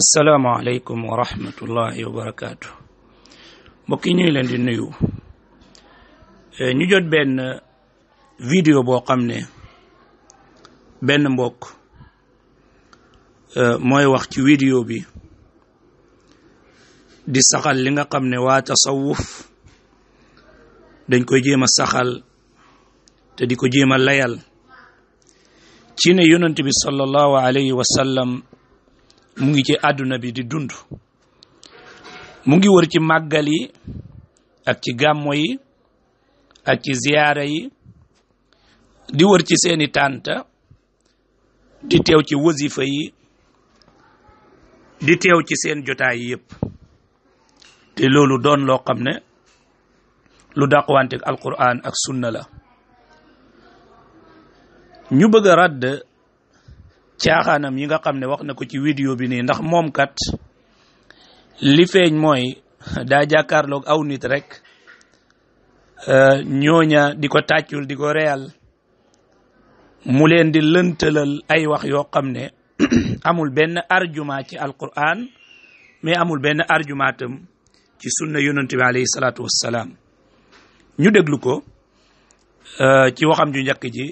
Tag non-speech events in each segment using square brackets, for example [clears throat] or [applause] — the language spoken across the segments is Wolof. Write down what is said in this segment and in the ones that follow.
asalaamaaleykum wa rahmatullahi wa yi ñu ngi leen di nuyu e, ñu jot benn vidéo boo xam ne benn mbokk e, mooy wax ci vidéo bi di saxal li nga xam ne waa tasawuf dañ koy jéem a saxal te di ko jéema layal ci ne yonent bi sallallahu alayhi wa mu ngi ci àdduna bi di dund mu ngi wër ci màggal yi ak ci gàmmo yi ak ci ziyaara yi di wër ci seeni tànta di teew ci wasifa yi di teew ci seen jotaay yi yëpp te loolu doon loo xam ne lu dàqwante ak alquran ak sunna la ñu bëgg a caaxaanam yi nga xam ne wax na ko ci vidéo bi nii ndax moom kat li feeñ mooy daa jàkkaarloog aw nit rek euh, ñooña di ko tàccul di ko reyal mu leen di lëntalal ay wax yoo xam ne [clears throat] amul benn arjuma ci alquran mais amul benn arjumaatam ci sunna yonent bi alayhi salaatu wassalaam ñu déglu ko euh, ci waxam ju njëkk ji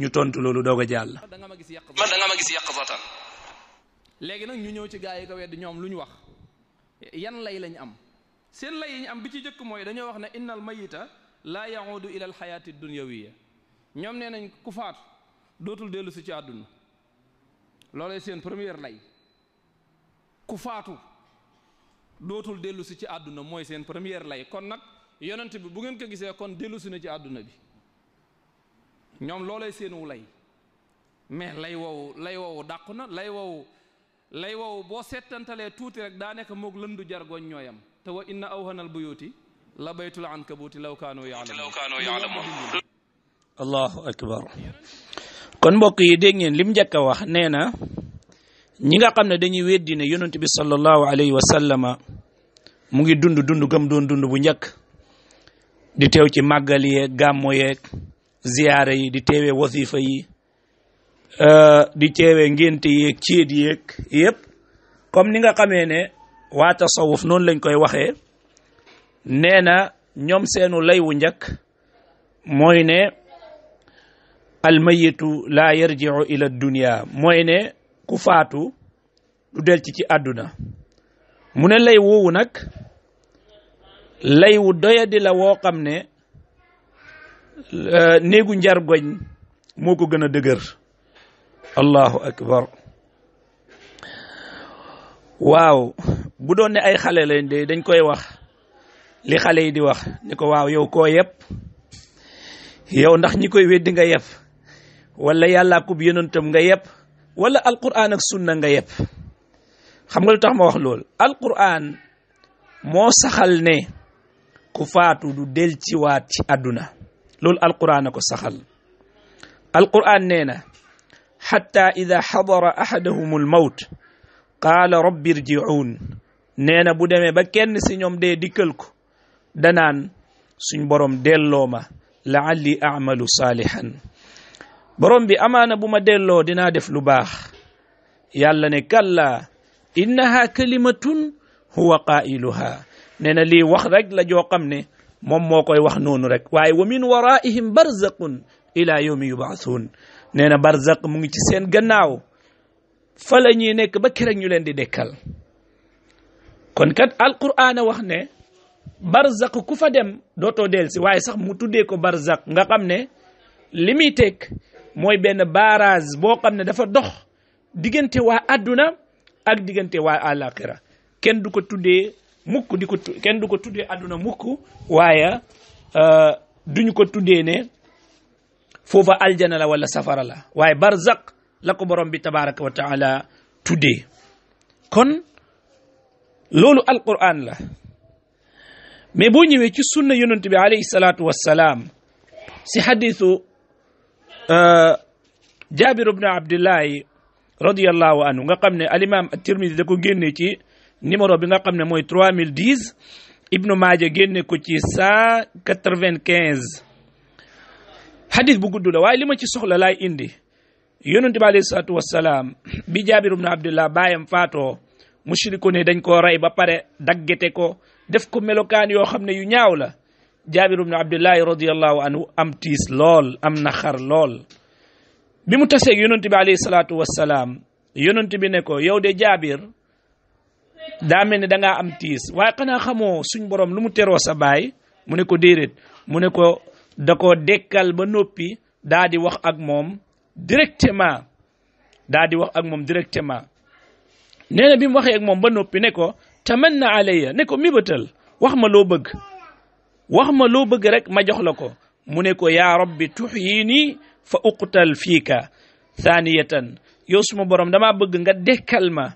ñu tontu loolu doo a jàll. man da nga ma gis yàq ma gis yàq nag ñu ñëw ci gaa yi ko wedd ñoom lu ñu wax yan lay lañ am seen lay am bi ci jëkk mooy dañoo wax ne innal mayita laa yahudu ila al xayaati dunyawiya ñoom nee nañ ku faatu dootul dellu si ci àdduna loolay seen première lay ku faatu dootul dellu si ci àdduna mooy seen première lay kon nag yonent bi bu ngeen ko gisee kon dellu si na ci àdduna bi ñoom loolay seen wu lay mais lay woowu lay woowu dàqu na lay woowu lay woowu boo settantalee tuuti rek daa nekk moog lëndu jargoñ ñooyam te wa inna aw bu buyuti la baytul ankabuuti law kaanu yaalamuun allahu akbar kon mbokk yi dégg ngeen lim njëkk a wax nee na ñi nga xam ne dañuy weddi ne yonent bi sallallahu alayhi wa mu ngi dund dund gam doon dund bu njëkk di teew ci màggal yeeg gàmmo yeeg ziyaara yi di teewee wasifa yi euh, di teewee ngénte yeeg céet yeeg yëpp comme ni nga xamee ne waa tasawuf noonu lañ koy waxe nee na ñoom seenu laywu njak njëkk mooy ne almayitu laa yarjiu ila dunia mooy ku faatu du del ci ci àdduna mu ne lay woowu nag lay wu doyadi la woo xam ne Euh, néegu njar goñ moo ko gën a dëgër allahu akbar waaw bu doon ne ay xale lañ de dañ koy wax li xale yi di wax ni ko waaw yow koo yëpp yow ndax ñi koy weddi nga yëpp wala yàlla kub yonentam nga yëpp wala alquran ak sunna nga yëpp xam nga lu tax ma wax lool alquran moo saxal ne ku faatu du del ci waat ci àdduna لول القرآن كو سخل القرآن نينا حتى إذا حضر أحدهم الموت قال رب ارجعون نينا بودمي بكين سنيوم دي ديكلكو دنان سن بروم ديلوما لعلي أعمل صالحا بروم بي أمانة بوما ديلو دينا دف لباخ يالا نكالا إنها كلمة هو قائلها نينا لي وخرج لجو قمني moom moo koy wax noonu rek waaye wa min waraihim barzaqun ila yawmi yubaasuun nee na barzaq mu ngi ci seen gannaaw fa la ñuy nekk ba keroog ñu leen di dekkal kon kat alquran a wax ne barzaq ku fa dem dootoo del si waaye sax mu tuddee ko barzaq nga xam ne li muy teg mooy benn barrage boo xam ne dafa dox diggante waa adduna ak diggante waa àllaaxira kenn du ko tuddee mukk di ko kenn du ko tuddee àdduna mukk waaye euh, duñu ko tuddee ne foofa aljana la wala safara la waaye barzaq la ko borom bi tabaraka wa taala tuddee kon loolu alquran la mais boo ñëwee ci sunna yonent bi alayhi salaatu salaam si xadisu euh, jabir ibnu abdillahi radiallahu anhu nga xam ne alimam at-tirmidi da ko génnee ci numéro bi nga xam ne mooy 3010 Ibnu Maaja génne ko ci 195 hadith bu gudd la waaye li ma ci soxla laay indi yonente bi alayhi salaatu bi Jaabir ibnu Abdullah baayam faatoo mushriku ne dañ koo rey ba pare daggete ko def ko melokaan yoo xam ne yu ñaaw la Jaabir ibnu Abdullahi radiyallahu am tiis lool am naxar lool bi mu taseeg yonente bi alayhi salaatu wassalaam bi ne ko yow de Jaabir daa mel danga da ngaa am tiis waaye xanaa xamoo suñ borom lu mu teroo sa baay mu ne ko dérét mu ne ko da ko dekkal ba noppi daa di wax ak moom directement daa di wax ak moom directement nee bi mu waxee moom ba noppi ne ko tamanna alayya ne ko mibatal wax ma loo bëgg wax ma loo bëgg rek ma jox la ko mu ne ko yaa rabbi tuxyiini fa uqtal fiika thaniyatan yow borom damaa bëgg nga dekkal ma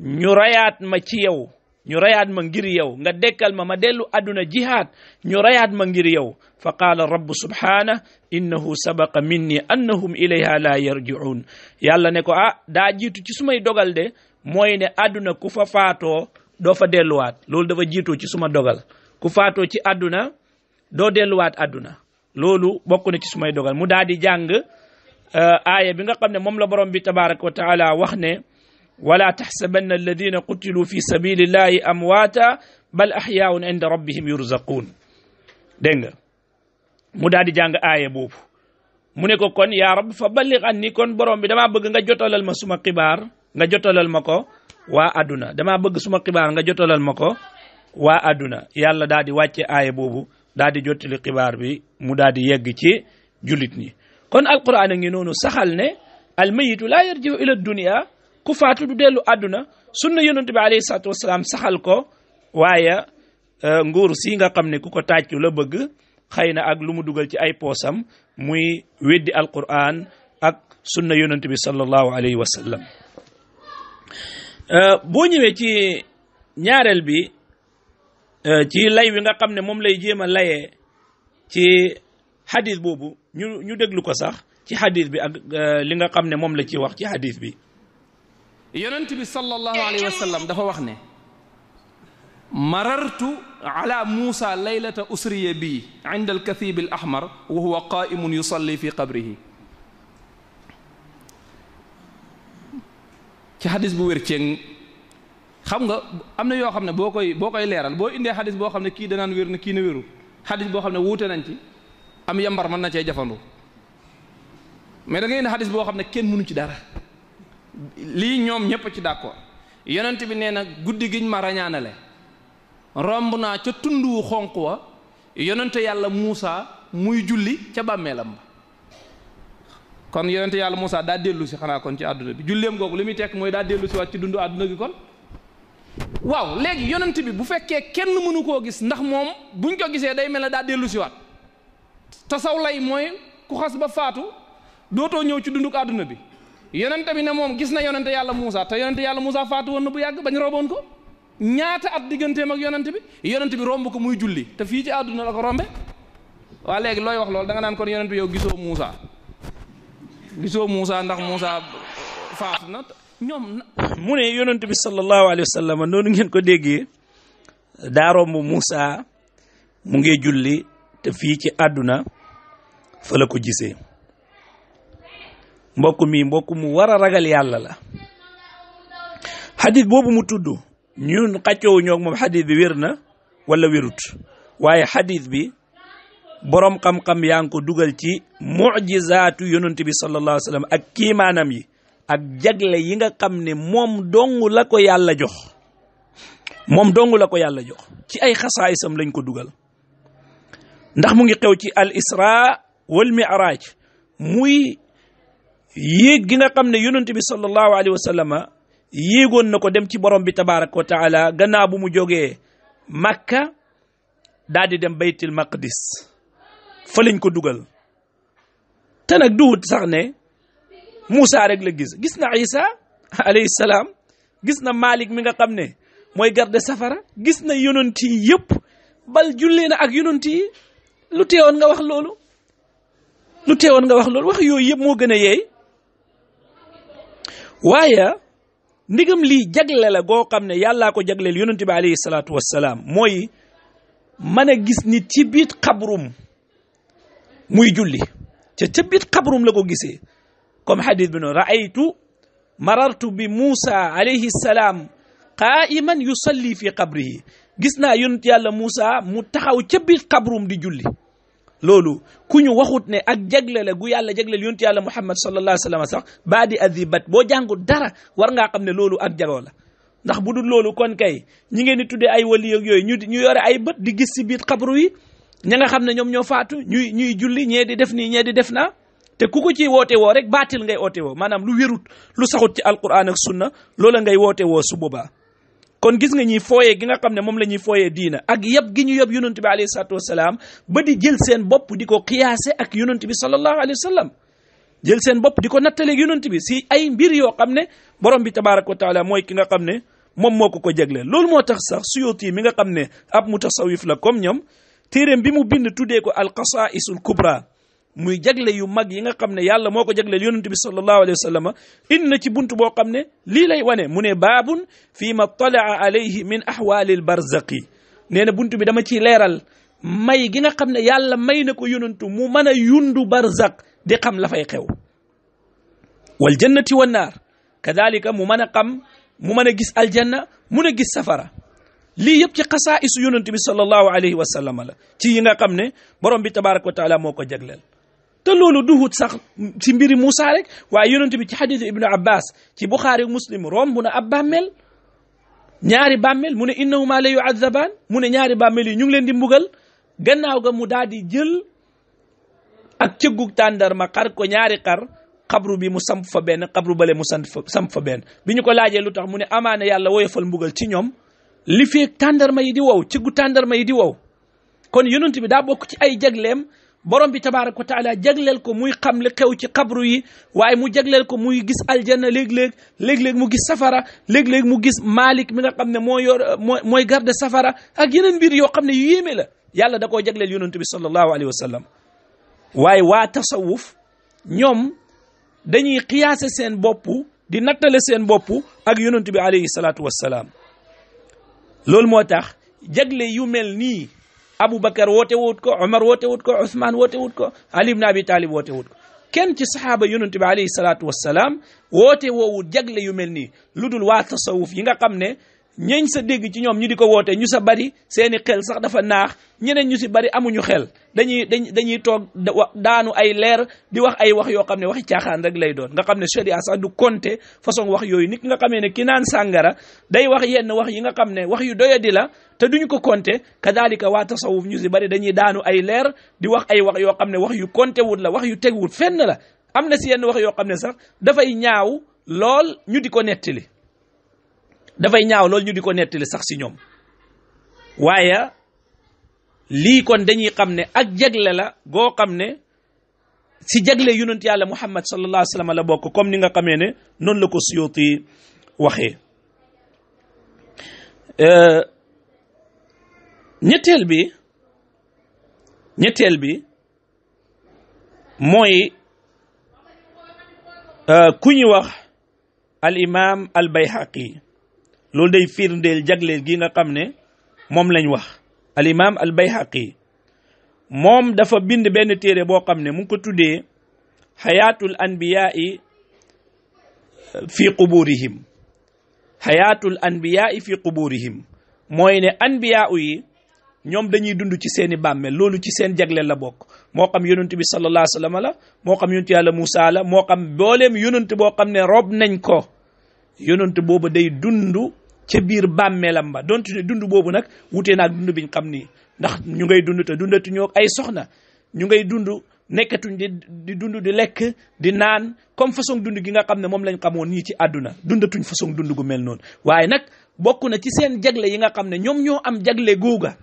ñu rayaat ma ci yow ñu rayaat ma ngir yow nga dekkal ma ma dellu àdduna jihaad ñu rayaat ma ngir yow fa qaala rabbu subhaana innahu sabaqa minni annahum ilayha la yarji'un yàlla ne ko ah daa jiitu ci sumay dogal de mooy ne àdduna ku fa faatoo doo fa delluwaat loolu dafa jiitoo ci suma dogal ku faatoo ci àdduna doo delluwaat àdduna loolu bokk na ci sumay dogal mu daal di jàng euh, aaya bi nga xam ne moom la borom bi tabaraka wax ne ولا تحسبن الذين قتلوا في سبيل الله أمواتا بل أحياء عند ربهم يرزقون دنگ مدادي جانغ آية بوب mu ne ko kon yaa rab fa ballig an ni kon borom bi damaa bëgg nga jotalal ma suma xibaar nga jotalal ma ko waa aduna damaa bëgg suma xibaar nga jotalal ma ko waa aduna yàlla daal di wàcce aaya boobu daal di jottali xibaar bi mu daal di yegg ci julit ñi kon alquran a ngi noonu saxal ne almayitu laa yarjiu ila dunia ku faatu du dellu àdduna sunna yoonante bi alayhi salaatu saxal ko waaye euh, nguur si nga xam ne ku ko tàccu la bëgg xëy na ak lu mu dugal ci ay poosam muy weddi alquran ak sunna yonent bi sallallahu alayhi wa sallam euh, boo ñëwee ci ñaareel bi euh, ci lay wi nga xam ne moom lay jéem a layee ci xadis boobu ñu ñu déglu ko sax ci xadis bi ak li nga xam ne moom la ci wax ci xadis bi yonent bi sallallahu alayhi wa dafa wax ne marartu ala muusa laylata usriya bi inda alkathib al ahmar wa huwa qaimun yusalli fi qabrihi ci xadis xam nga am na yoo xam ne boo koy boo koy leeral boo indee xadis boo xam ne kii danaan wér na kii na wiru xadis boo xam ne wuute nañ ci am yambar mën na cee jafandu mais da ngay indi xadis boo xam ne kenn mënu ci dara lii ñoom ñépp ci d'accord yonent bi nee na guddi giñ ma rañaanale romb naa ca tund wu xonq wa yonent yàlla muusaa muy julli ca bàmmeelam ba kon yonent yàlla Muusa daa dellu si xanaa kon ci àdduna bi julleem googu li muy tekk mooy daa dellu si waat ci dundu àdduna gi kon waaw léegi yonent bi bu fekkee kenn mënu koo gis ndax moom buñ ko gisee day mel ne daa dellu si waat tasaw lay mooy ku xas ba faatu dootoo ñëw ci dunduk àdduna bi yonente bi na moom gis na yonente yàlla muusa te yonente yàlla Moussa faatu woon na bu yàgg bañ roboon ko ñaata at digganteem ak yonente bi yonente bi romb ko muy julli te fii ci àdduna la ko rombe waa looy wax loolu da nga naan kon yonente bi yow gisoo Moussa gisoo ndax Moussa faatu na ñoom mu ne yonente bi sallallahu alayhi wa sallam noonu ngeen ko déggee daa romb Moussa mu ngi julli te fii ci àdduna fa ko gisee mbokk mi mbokk mu war a ragal yàlla la xadis boobu mu tudd ñun xàccoowu ñoog moom xadis bi wér na wala wérut waaye xadis bi boroom xam-xam yaa ngi ko dugal ci mujizaatu yonent bi sallallahu sallam ak kiimaanam yi ak jagle yi nga xam ne moom dong la ko yàlla jox moom dong la ko yàlla jox ci ay xasaayisam lañ ko dugal ndax mu ngi xew ci al isra wal miraaj muy yéeg gi nga xam ne yonent bi sallallahu alayhi wa sallama yéegoon na ko dem ci borom bi tabaraka wa taala gannaaw bu mu jógee makka daal di dem baytil maqdis fa lañ ko dugal te nag duwut sax ne Moussa rek la gis gis na Isa alayhi salaam gis na Malik mi nga xam ne mooy garde safara gis na yonent yi yëpp bal jullee na ak yonent yi lu teewoon nga wax loolu lu teewoon nga wax loolu wax yooyu yëpp moo gën a yey waaye ndigam lii jagle la goo xam ne yàllaa ko jagleel yonente bi alayhi salaatu wassalaam mooy mën a gis ni ci biit xabrum muy julli ca ca biit xabrum la ko gisee comme xadis bi raaytu marartu bi Muusa alayhi salaam qaa'iman yusalli fi qabrihi gis naa yonent yàlla Muusa mu taxaw ca biit xabrum di julli loolu ku ñu waxut ne ak jagle la gu yàlla jagleel yontu yàlla muhammad sallallahu alayhi wa sallam sax baa di bat boo jàngut dara war ngaa xam ne loolu ak jagoo la ndax bu dul loolu kon kay ñi ngeen di tuddee ay wali ak yooyu ñu ñu yore ay bët di gis si biir xabru yi ña xam ne ñoom ñoo faatu ñuy ñuy julli ñee di def nii ñee di def na te ku ko ci woote woo rek baatil ngay woote woo maanaam lu wérut lu saxut ci alquran ak sunna loola ngay woote woo su boobaa kon gis nga ñuy fooyee ki nga xam ne moom la ñuy fooyee diina ak yab gi ñu yab yonent bi alayhi salaatu wasalaam ba di jël seen bopp di ko xiyaase ak yonent bi sallallahu alayhi wa jël seen bopp di ko nattaleeg yonent bi si ay mbir yoo xam ne borom bi tabaraka wa taala mooy ki nga xam ne moom moo ko ko jagleel loolu moo tax sax suyuti mi nga xam ne ab mutasawif la comme ñam téeréem bi mu bind tuddee ko al qasaisul kubra muy jagle yu mag yi nga xam ne yàlla moo ko jagleel yonent bi sallallahu alayhi wa sallam na ci bunt boo xam ne lii lay wane mu ne baabun fi ma talaa alayhi min ahwaalil barzaqi nee na bunt bi dama ciy leeral may gi nga xam ne yàlla may na ko yonentu mu mën a yundu barzaq di xam la fay xew wal jannati wan naar kadalika mu mën a xam mu mën a gis aljanna mun a gis safara lii yëpp ci xasaa isu yonent bi sallallahu alayhi wa sallam la ci yi nga xam ne borom bi tabaraka wa taala moo ko jagleel te loolu duhut sax ci mbiri Moussa rek waaye yonent bi ci xadisu ibnu abbas ci buxaari muslim romb na ab bàmmeel ñaari bàmmeel mu ne innahuma la yuazabaan mu ne ñaari bàmmeel yi ñu ngi leen di mbugal gannaaw ga mu daal di jël ak cëggug tàndarma xar ko ñaari xar xabru bi mu samp fa benn xabru bale mu sant fa samp fa benn bi ñu ko laajee lu tax mu ne amaana yàlla woyofal mbugal ci ñoom li feeg tàndarma yi di wow cëggu tàndarma yi di wow kon yonent bi daa bokk ci ay jagleem borom bi tabaaraka taala jagleel ko muy xam li xew ci xabru yi waaye mu jagleel ko muy gis aljanna léeg-léeg léeg-léeg mu gis safara léeg-léeg mu gis Malik mi nga xam ne moo mooy mooy garde safara ak yeneen mbir yoo xam ne yu yéeme la yàlla da koo jagleel yonent bi sallallahu alayhi wa sallam waaye waa tasawuf ñoom dañuy xiyaase seen bopp di nattale seen bopp ak yonent bi alayhi salaatu wa salaam loolu moo tax jagle yu mel nii. Aboubacar woote wut ko Omar woote wut ko Ousmane woote wut ko Ali ibn Abi Talib woote wut ko kenn ci saxaaba yonent bi alayhi salaatu wassalaam woote woowut jagle yu mel nii lu dul waa tasawuf yi nga xam ne ñeñ sa dégg ci ñoom ñu di ko wootee ñu sa bari seeni xel sax dafa naax ñeneen ñu si bari amuñu xel dañuy dañ dañuy toog daanu ay leer di wax ay wax yoo xam ne waxi caaxaan rek lay doon nga xam ne sharia sax du compter façon wax yooyu nit nga xamee ne ki naan sàngara day wax yenn wax yi nga xam ne wax yu doyadi la te duñ ko compter kadalika waa tasawuf ñu si bari dañuy daanu ay leer di wax ay wax yoo xam ne wax yu compter wut la wax yu teg wut fenn la am na si yenn wax yoo xam ne sax dafay ñaaw lool ñu di ko nettali dafay ñaaw lool ñu di ko nettali sax si ñoom waaye lii kon dañuy xam ne ak jagle la goo xam ne si jagle yonent yàlla muhammad sallallahu alayhi wa sallam la bokk comme ni nga xamee ne noonu la ko Suyuti waxee euh, ñetteel bi ñetteel bi mooy euh, ku ñu wax al imam al bayhaqi loolu day firndeel jagleel gi nga xam ne moom lañ wax al imam al bayhaqi moom dafa bind benn téere boo xam ne mu ko tuddee xayaatul anbiyaa'i fi quburihim xayaatul anbiyaa'i fi quburihim mooy ne anbiyaa'u yi ñoom dañuy dund ci seeni bàmmeel loolu ci seen jagleel la bokk moo xam yonent bi sallallahu alayhi la moo xam yonent yàlla Muusa la moo xam booleem yonent boo xam ne rob nañ ko yonent boobu day dund ca biir bàmmeelam ba donte ne dund boobu nag wutee naag dund biñ xam ni ndax ñu ngay dund te dundatuñoo ay soxna ñu ngay dund nekkatuñ di di dund di lekk di naan comme façon dund gi nga xam ne moom lañ xamoon nii ci àdduna dundatuñ façon dund gu mel noonu waaye nag bokk na ci seen jagle yi nga xam ne ñoom ñoo am jagle googa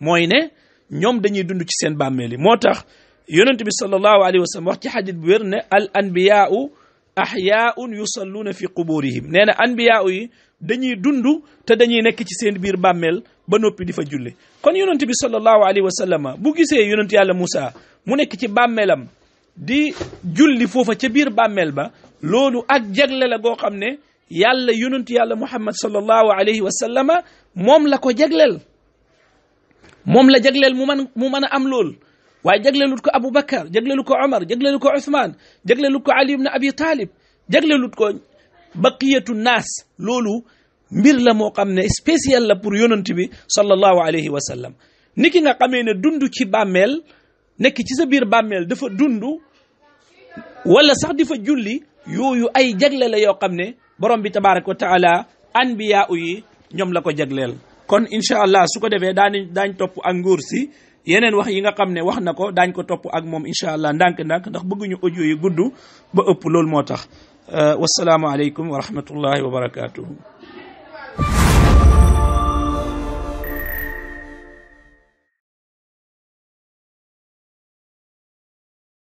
mooy ne ñoom dañuy dund ci seen bàmmeel yi moo tax yonent bi sallallahu alayhi wa sallam wax ci xadit bu wér ne al anbiyaau ahyaun yusalluuna fi yi dañuy dund te dañuy nekk ci seen biir bàmmeel ba noppi difa fa julli kon yonent bi sallallahu alayhi wa sallam bu gisee yonent yàlla Moussa mu nekk ci bàmmeelam di julli foofa ca biir bàmmeel ba loolu ak jagle la goo xam ne yàlla yonent yàlla Muhammad sallallahu alayhi wa sallam moom la ko jagleel moom la jagleel mu mën mu mën a am lool waaye wut ko Aboubacar jagleelu ko Omar jagleelu ko Ousmane jagleelu ko Ali ibn Abi Talib jagleelut ko baqiyatu naas loolu mbir la moo xam ne spécial la pour yonent bi sallallahu alayhi wa sallam ni ki nga xamee ne dundu ci bàmmeel nekk ci sa biir bàmmeel dafa dundu wala sax difa fa julli yooyu ay jagle la yoo xam ne borom bi tabaraka wa taala anbiya u yi ñoom la ko jagleel kon incha allah su ko defee daani daañ topp ak nguur si yeneen wax yi nga xam ne wax na ko daañ ko topp ak moom incha allah ndànk-ndànk ndax bëgguñu audio yi gudd ba ëpp loolu moo tax euh, wasalaamu aleykum wa rahmatullahi wa barakatuhu